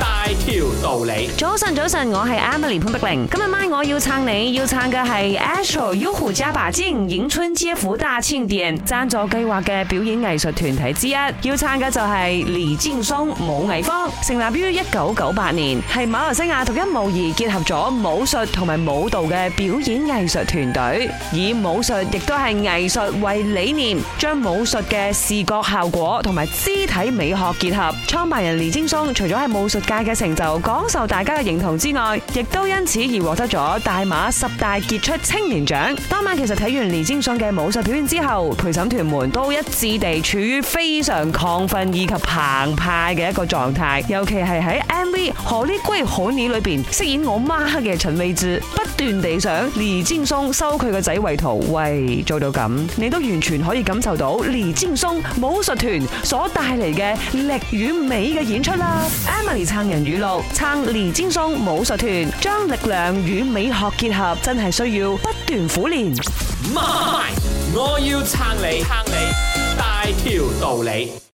大條道理，早晨早晨，我係 Emily 潘碧玲。今日 m 我要撐你要撐嘅係 Asho y o h o j a 白敬、in, 影春 G F、大千殿，贊助計劃嘅表演藝術團體之一要的。要撐嘅就係黎尖松武藝坊，成立於一九九八年，係馬來西亞獨一無二結合咗武術同埋舞蹈嘅表演藝術團隊，以武術亦都係藝術為理念，將武術嘅視覺效果同埋肢體美學結合。創辦人黎尖松除咗係武術界嘅成就廣受大家嘅認同之外，亦都因此而獲得咗大馬十大傑出青年獎。當晚其實睇完黎尖松嘅武術表演之後，陪審團們都一致地處於非常亢奮以及澎湃嘅一個狀態。尤其係喺 MV《何立歸海里》裏邊飾演我媽嘅陳慧芝，不斷地想黎尖松收佢個仔為徒。喂，做到咁，你都完全可以感受到黎尖松武術團所帶嚟嘅力與美嘅演出啦，Emily。撐人語錄，撐倪尖松武術團，將力量與美學結合，真係需要不斷苦練。媽，我要撐你，撐你大條道理。